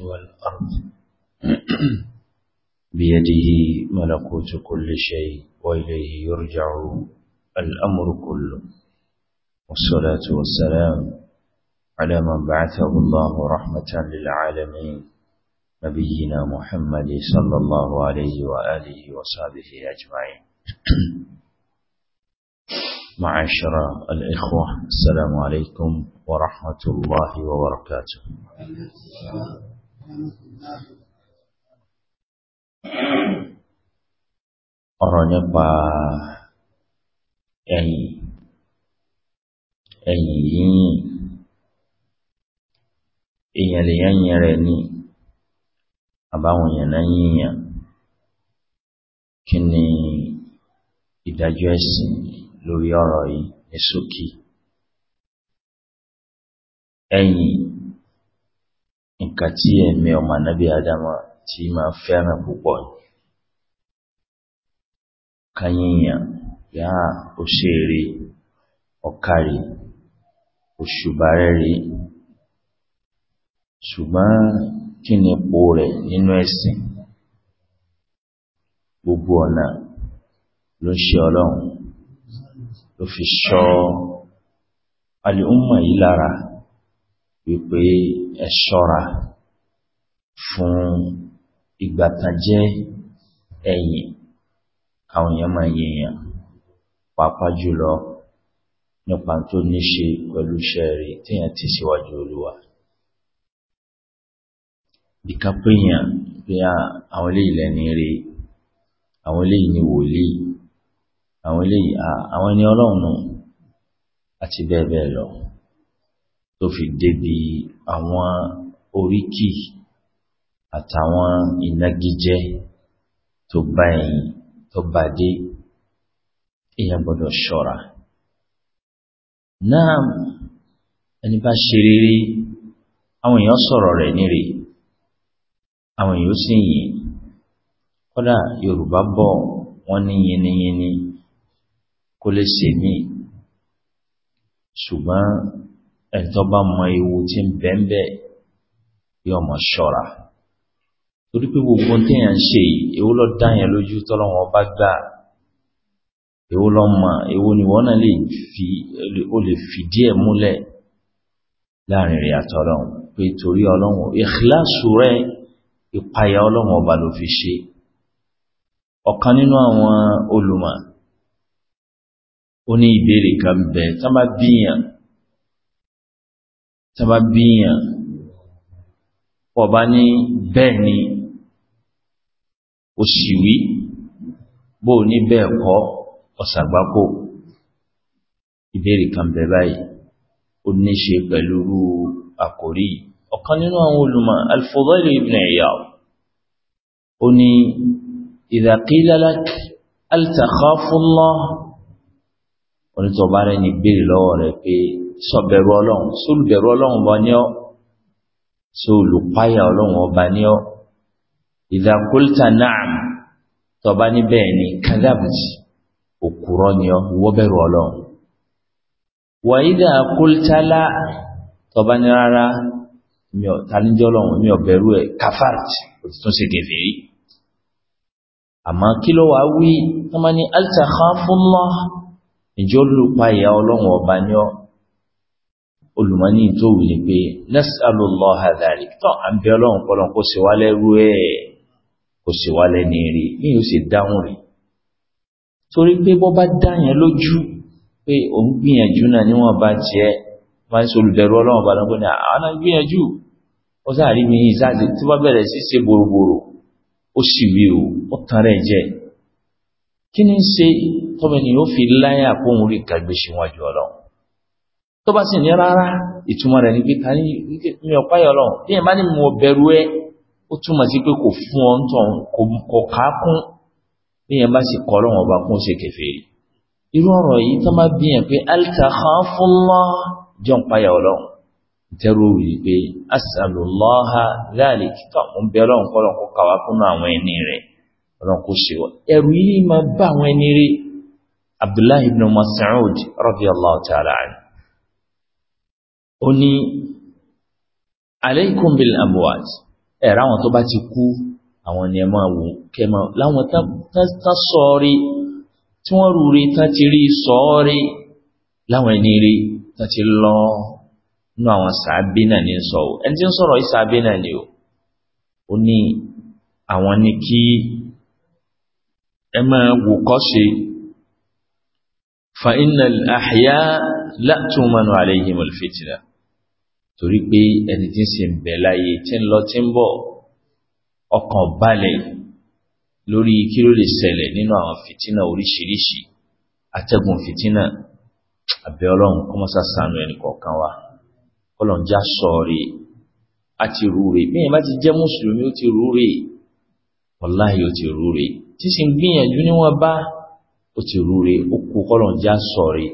والأرض بيده ملكوت كل شيء وإليه يرجع الأمر كله والصلاة والسلام على من بعثه الله رحمة للعالمين نبينا محمد صلى الله عليه وآله وصحبه أجمعين معاشر الإخوة السلام عليكم ورحمة الله وبركاته ọ̀rọ̀ nípa ẹ̀yìn ẹ̀yìn yíyìn èèyàn lè yẹ́yìn rẹ̀ ní àbáwọn èèyàn náà yíyàn kí ni ìdájọ́ ẹ̀sìn lórí nǹkan tí ẹ̀mí ọmọ anábì Ádámà tí máa fẹ́ràn púpọ̀ kányìyàn yá òṣèré ọ̀kàrí òṣùbárẹ́rí ṣùgbọ́n kí ni ipò rẹ̀ nínú ẹ̀sìn gbogbo ọ̀nà ló ṣe ọlọ́run ló fi ṣọ́ alẹ́ ó lára wípé ẹ ṣọ́ra fún ìgbàtànjẹ́ ẹ̀yìn káwọn èèyàn máa yẹ̀yàn pàápàá jùlọ nípa tó ní ṣe pẹ̀lú iṣẹ́ rẹ̀ téèyàn ti síwájú olúwa ìkan péyàn pé àwọn eléyìí lẹ́ni rí àwọn eléyìí ni wòlíì àwọn eléyìí àwọn ẹni ọlọ́run àti bẹ́ẹ̀ bẹ́ẹ̀ lọ tó fi débi àwọn oríkì àtàwọn ìnagijẹ tó bá ẹ̀yìn tó bá dé èèyàn gbọ́dọ̀ ṣọ́ra náà ẹni bá ṣe rere àwọn èèyàn sọ̀rọ̀ rẹ̀ níre àwọn èèyàn sì yìn kódà yorùbá bọ̀ wọ́n ní yiniyini kó lè ṣèmí ṣùgbọ́n ẹni tó bá mọ ewu tí ń bẹ ń bẹ yóò mọ ṣọ́ra torí pé gbogbo téèyàn ń ṣe yìí èwo ló dá yẹn lójú tọ́lọ́wọ́n bá gbà èwo ló mọ èwo ni wọ́n náà lè fi ó lè fi díẹ̀ múlẹ̀ láàrin rẹ̀ àtọ́lọ́wọ́n pé torí ọlọ́wọ́n ìkíláàsù rẹ̀ ìpayà ọlọ́wọ́n ọba ló fi ṣe ọ̀kan nínú àwọn olùmọ̀ ó ní ìbéèrè kan bẹ̀ tá bá bíyàn tí wọ́n bá bíyàn pọ̀ bá ní bẹ́ẹ̀ ni ó sì wí bóò ní bẹ́ẹ̀ kọ́ ọ̀sàgbákò ìbéèrè kan bẹ̀ báyìí ó ní ṣe pẹ̀lú àkórí ọ̀kan nínú àwọn olùmọ̀ al ibn Iyad ó ní idha qila onítọ̀bá rẹ̀ ní ìbéèrè lọ́wọ́ rẹ̀ pé sọ̀bẹ̀rù ọlọ́run sólùbẹ̀rù ọlọ́run bọ́ ní ọ́ sólùpáyà ọlọ́run ọba ní ọ́ ìdàkólítà náàm tọba níbẹ̀ ni kádàbùtì òkúrọ́ ní ọ́ wọ́bẹ̀rù ọlọ́run wà ìdàkólítà lá tọba ní rárá mi ò tàníjọ́ ọlọ́run mi ò bẹ̀rù ẹ̀ káfàràtì òtítún ṣe gẹ̀fẹ̀ yìí àmọ́ kí ló wàá wí tọ́mọ ní altakhafullah ìjọ́ lùpáyà ọlọ́run ọba ní ọ́ olùmọ́ní tó wù ní pé nasalullaha dhalik tọ́ àbí ọlọ́run kọ́lọ́n kó sì wálẹ̀ rú ẹ̀ kó sì wálẹ̀ ní rí ní yóò sì dáhùn rí torí pé bọ́ bá dáyẹn lójú pé òun gbìyànjú náà níwọ̀n bá jẹ́ máa ń sọ olùbẹ̀rù ọlọ́run bá lọ́gbọ́n ní àwọn gbìyànjú ó sáàrí mi ìsáàsì tí wọ́n bẹ̀rẹ̀ sí ṣe bòròbòrò ó sì wí o ó tan rẹ̀ jẹ́ kí ni ń ṣe tọ́mọ ènìyàn ó fi láyà kóhun rí kàgbéṣe wájú ọlọ́run tó bá sì ní rárá ìtumọ̀ rẹ̀ ní pé ya ní mi ò páyọ̀ ọlọ́run bí èèyàn bá ní mo bẹ̀rù ẹ ó túmọ̀ sí pé kò fún ọ nítorí kò ká kún bí sì kọ́ ọba kún ṣe kèfèrí irú ọ̀rọ̀ yìí tó máa bí yàn pé altakhafullah jọ ń yìí pé láàlì kíkà ń bẹ kọ́ kó àwọn ó ní aleikum bil amwat ẹ̀rọ àwọn tó bá ti kú àwọn ni ẹ máa wò kẹ máa láwọn tán sọ̀ọ́rí tí wọ́n rúre tán ti rí sọ̀ọ́rí láwọn ẹni rí tán ti lọ nínú àwọn sàábé náà ní sọ ò ẹni tí ń sọ̀rọ̀ yìí sàábé náà ni ò ó ní àwọn ni kí ẹ máa wò kọ́ ṣe فإن الأحياء لا تؤمن عليهم الفتنة torí pé ẹni tí ń sin bẹ̀ láyé tí ń lọ tí ń bọ̀ ọkàn balẹ̀ lórí kí ló lè ṣẹlẹ̀ nínú àwọn fìtínà oríṣiríṣi atẹ́gùn fìtínà àbẹ̀ ọlọ́run kọ́mọ́sá sànú ẹnì kọ̀ọ̀kan wa kọ́lọ̀ ń já sọ̀ọ̀rì àti rúre bí èèyàn bá ti jẹ́ mùsùlùmí ó ti rúre wàláhì ó ti rúre tí sì ń gbìyànjú níwọ̀n bá ó ti rúre ó kú kọ́lọ̀ já sọ̀rí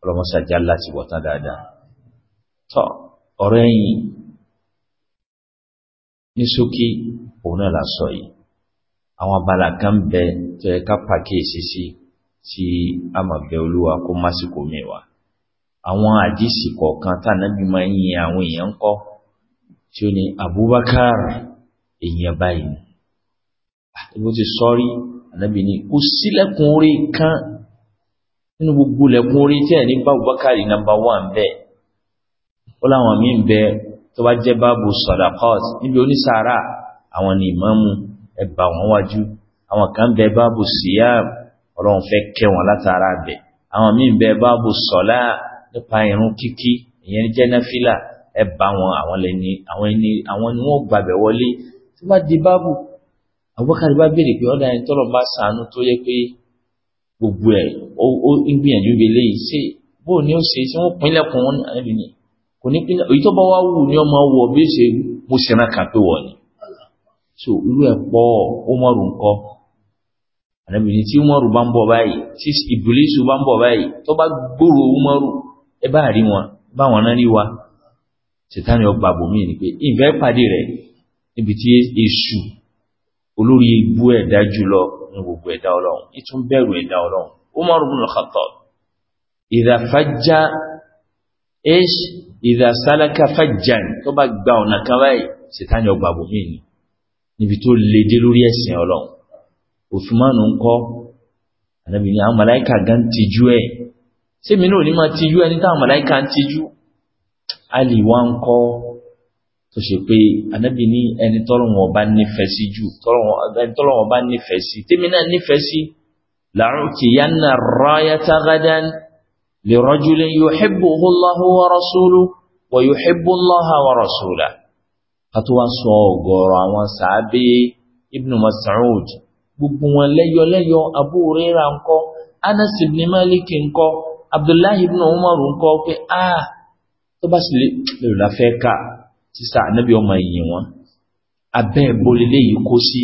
ọlọ́mọsàjá láti wọ̀tán dáadáa tọ́ ọ̀rọ̀ ẹ̀yìn ní ṣókí òun náà lásọ yìí àwọn abala kan ń bẹ tó yẹ ká pàkíyèsí sí tí a mà bẹ olúwa kó másìkò mẹ́wàá àwọn àdísì kọ̀ọ̀kan tànàbí máa ń yin àwọn èèyàn kọ́ tí ó ní Abubakar èèyàn báyìí ni ìbò ah, ti sọ́rí ànábì ní kò sílẹ̀kùn orí kan nínú gbogbo lẹ̀kùn orí tí ẹ̀ ní bá Abubakar nàmbà wà ń bẹ́ẹ̀ ó láwọn míì ń bẹ tó bá jẹ́ báàbù sadaqat níbi onísàárà àwọn ni ìmáàmù ẹgbà wọn wájú àwọn kan bẹ báàbù siyam ọlọ́run fẹ́ kẹ́ wọn látara bẹ̀ àwọn míì ń bẹ báàbù sọlá nípa irun kíkí ìyẹn jẹ́ náfìlà ẹbà wọn àwọn lẹni àwọn ni wọn gbàbẹ̀ wọlé tó bá di báàbù Abubakar bá béèrè pé ọ̀dà ẹni tọ́lọ̀ bá sàánú tó yẹ pé gbogbo ẹ̀ ó ń gbìyànjú bí eléyìí ṣe bóò ní ó ṣe tí wọ́n pinlẹ̀ kún wọn ẹ̀rí ni kò ní pinlẹ̀ èyí tó bá wá wù ní ọmọ wọ̀ bí ṣe mo ṣe ra kàpé wọ̀ ni. so irú ẹ̀ pọ̀ Umaru ńkọ́ àdàbìnrin tí Umaru bá ń bọ̀ báyìí tí Ìbílísù bá ń bọ̀ báyìí tó bá gbòòrò Umaru ẹ bá rí wọn bá wọn náà rí wa ṣètàn ni ọgbà bòmí ni pé ìfẹ́ pàdé rẹ̀ níbi tí èṣù olórí ibú ẹ̀dá jùlọ ní gbogbo ẹ̀dá ọlọ́run ìtún bẹ̀rù ẹ̀dá ọlọ́run Umar ibn al-Khattab idha fajja ish idha salaka fajjan tó bá gba ọ̀nà kan báyìí sètáni ọgbà bòmí ni níbi tó le dé lórí ẹ̀sìn ọlọ́run Usman ń kọ́ ànábì ní àwọn màláìka gan tijú ẹ̀ sẹ́mi náà ní máa tijú ẹni táwọn màláìka ń tijú Ali wá ń kọ́ tó ṣe pé anábì ní ẹni tọ́lọ́wọ̀n bá nífẹ̀ẹ́ sí jù ẹni tọ́lọ́wọ̀n bá nífẹ̀ẹ́ sí tèmi náà nífẹ̀ẹ́ sí làrùn kì yá nà ráyà tágádán lè rọ́jú lè yóò hẹ́bù Allahu wa rasulu wa yóò hẹ́bù Allaha wa rasula ká tó wá sọ ọ̀gọ̀rọ̀ àwọn sàábé ibn Mas'ud gbogbo wọn lẹ́yọlẹ́yọ Abu Hurairah ńkọ́ Anas ibn Malik ńkọ́ Abdullahi ibn Umar ńkọ́ pé a ah, tó bá sì lè lò sísá ànábì ọmọ ẹ̀yìn wọn abẹ́ ìbólé léyìí kó sí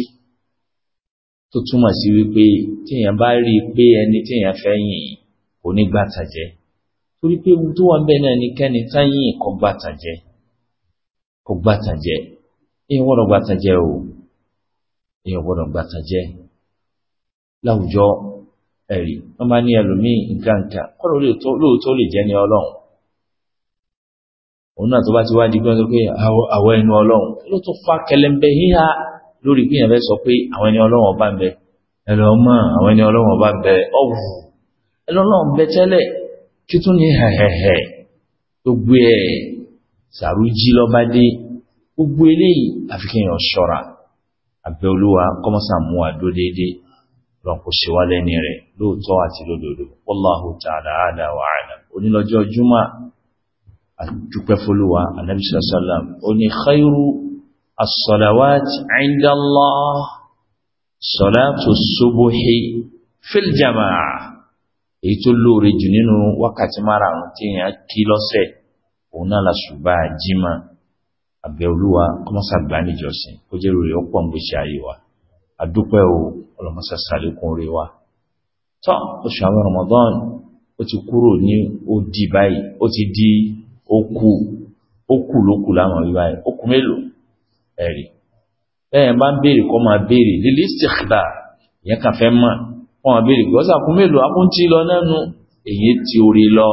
tó túmọ̀ sí wípé téèyàn bá rí i pé ẹni téèyàn fẹ́ yìn kò ní gbàtàjẹ́ torí pé ohun tó wà ń bẹ̀ náà ni kẹ́ni táyìn kò gbàtàjẹ́ kò gbàtàjẹ́ èèyàn gbọ́dọ̀ gbàtàjẹ́ o èèyàn gbọ́dọ̀ gbàtàjẹ́ láwùjọ ẹ̀rí wọ́n máa ní ẹlòmíì nǹkan nǹkan kọ́ lóòótọ́ lè jẹ́ ní ọlọ́run òun náà tó bá ti wá di gbọ́n sọ pé àwọn ẹni ọlọ́run ló tún fa kẹlẹ́mbẹ híhá lórí pé yẹn fẹ́ sọ pé àwọn ẹni ọlọ́run ọba ń bẹ ẹ lọ mọ àwọn ẹni ọlọ́run ọba ń bẹ ọ̀wù ẹ lọ́lọ́run bẹ tẹ́lẹ̀ kí tún ní hẹ̀hẹ̀hẹ̀ gbogbo ẹ̀ sàrújí lọ́ba dé gbogbo eléyìí àfi ṣọ́ra àbẹ̀ olúwa kọ́mọ́sà mú àdó déédéé lọ́n kò ṣe wá lẹ́ni rẹ̀ lóòótọ́ àti lódodo wallahu ta'ala àdà wàhálà onílọ́jọ́ júmọ́ àdúpẹ́ fólúwa Ànábì sallam ó ní khairu as-salawat inda Allah salatu subuhi fil jama'a èyí tó lóore jù nínú wákàtí márààrún tí èèyàn kí lọ́sẹ̀ òun náà la ṣùgbà jímà àbẹ̀ olúwa kọmọ́sà gbà níjọsìn ó jẹ́ rere ọ̀pọ̀ ń gbèsè ayé wa àdúpẹ́ o ọlọ́mọsà sàlékún rẹ̀ wa tán oṣù àwọn Ramadan ó ti kúrò ní ó di báyìí ó ti di okù okù lókù láwọn wíwá yẹn okù mélòó ẹ̀rí bẹ́ẹ̀ bá ń béèrè kọ́ máa béèrè lílí sèkìdá ìyẹn kàn fẹ́ mọ̀ wọ́n máa béèrè gbọ́sà kún mélòó akúntì lọ lẹ́nu èyí ti orí lọ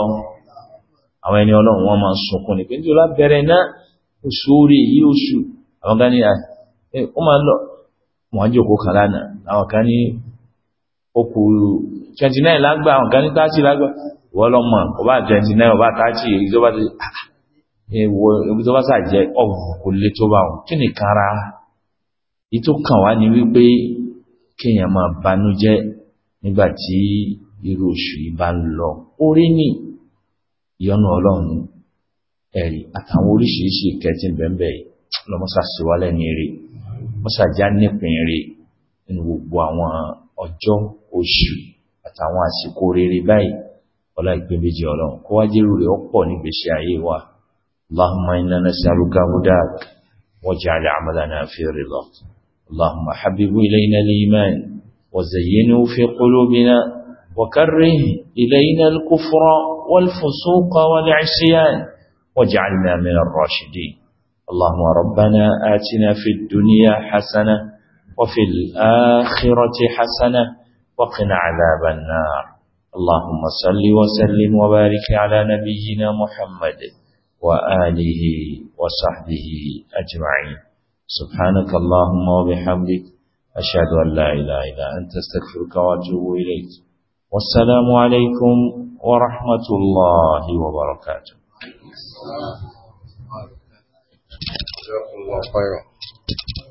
àwọn ẹni ọlọ́run wọn máa sunkún ní pé ní ọlá bẹ̀rẹ̀ náà oṣù orí yìí oṣù àwọn kan ní ẹ ó máa lọ wọn á jókòó kan lánàá àwọn kan ní òkú 29 lágbà ọ̀gá ní 30 lágbà wọ́n lọ mọ̀ ọba 29 ọba 30 èyí tó bá ti ẹ̀wọ̀ ah, ah. ebi tó bá sà jẹ́ ọ̀gbùn kò lè tó bá wọn kí nìkan ara yìí tó kàn wá ní wípé kéèyàn máa banújẹ́ nígbà tí irú oṣù yìí bá ń lọ orí ní ìyọnu ọlọ́run ẹ̀rí àtàwọn oríṣiríṣi ìkẹtì bẹ́ẹ̀ lọ́mọ́sà síwálẹ̀ ní eré mọ́sà nípìn eré nínú gbogbo àwọn ọjọ́ oṣù àtàwọn àsìkò rere báyìí ọlá ìpé méjì ọlọ́run kó wá jẹ́rù rẹ̀ ọ̀pọ̀ nígbèsè ayé wa اللهم إنا نسألك هداك واجعل عملنا في رضاك اللهم حبب إلينا الإيمان وزينه في قلوبنا وكره إلينا الكفر والفسوق والعصيان واجعلنا من الراشدين اللهم ربنا آتنا في الدنيا حسنة وفي الآخرة حسنة وقنا عذاب النار اللهم صل وسلم وبارك على نبينا محمد وآله وصحبه أجمعين سبحانك اللهم وبحمدك أشهد أن لا إله إلا أنت استغفرك وأتوب إليك والسلام عليكم ورحمة الله وبركاته جزاكم الله خيرا